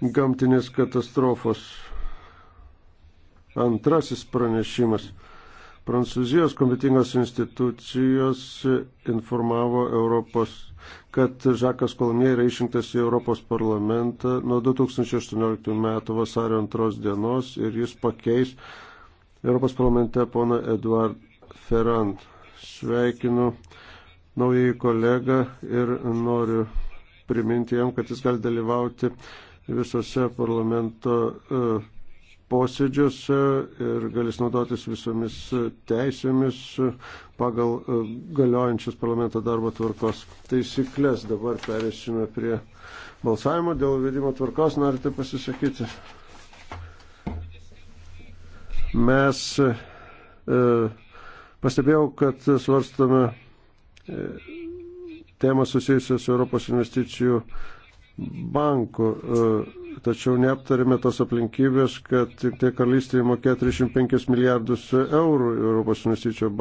gamtinės katastrofos. Antrasis pranešimas. Prancūzijos kompetingos institucijos informavo Europos, kad Žakas Kolomė yra išrinktas į Europos parlamentą nuo 2018 metų vasario antros dienos ir jis pakeis Europos parlamente pona Eduard Ferrand. Sveikinu naująjį kolegą ir noriu priminti jam, kad jis gali dalyvauti visose parlamento e, posėdžiuose ir galės naudotis visomis teisėmis pagal e, galiojančias parlamento darbo tvarkos taisyklės. Dabar perėsime prie balsavimo dėl vedimo tvarkos. Norite pasisakyti? Mes e, pastebėjau, kad svarstame e, temą susijusią su Europos investicijų e, bankų. E, tačiau neaptarėme tos aplinkybės, kad tie karalystėje mokė 35 milijardus eurų Europos investicijų bankas.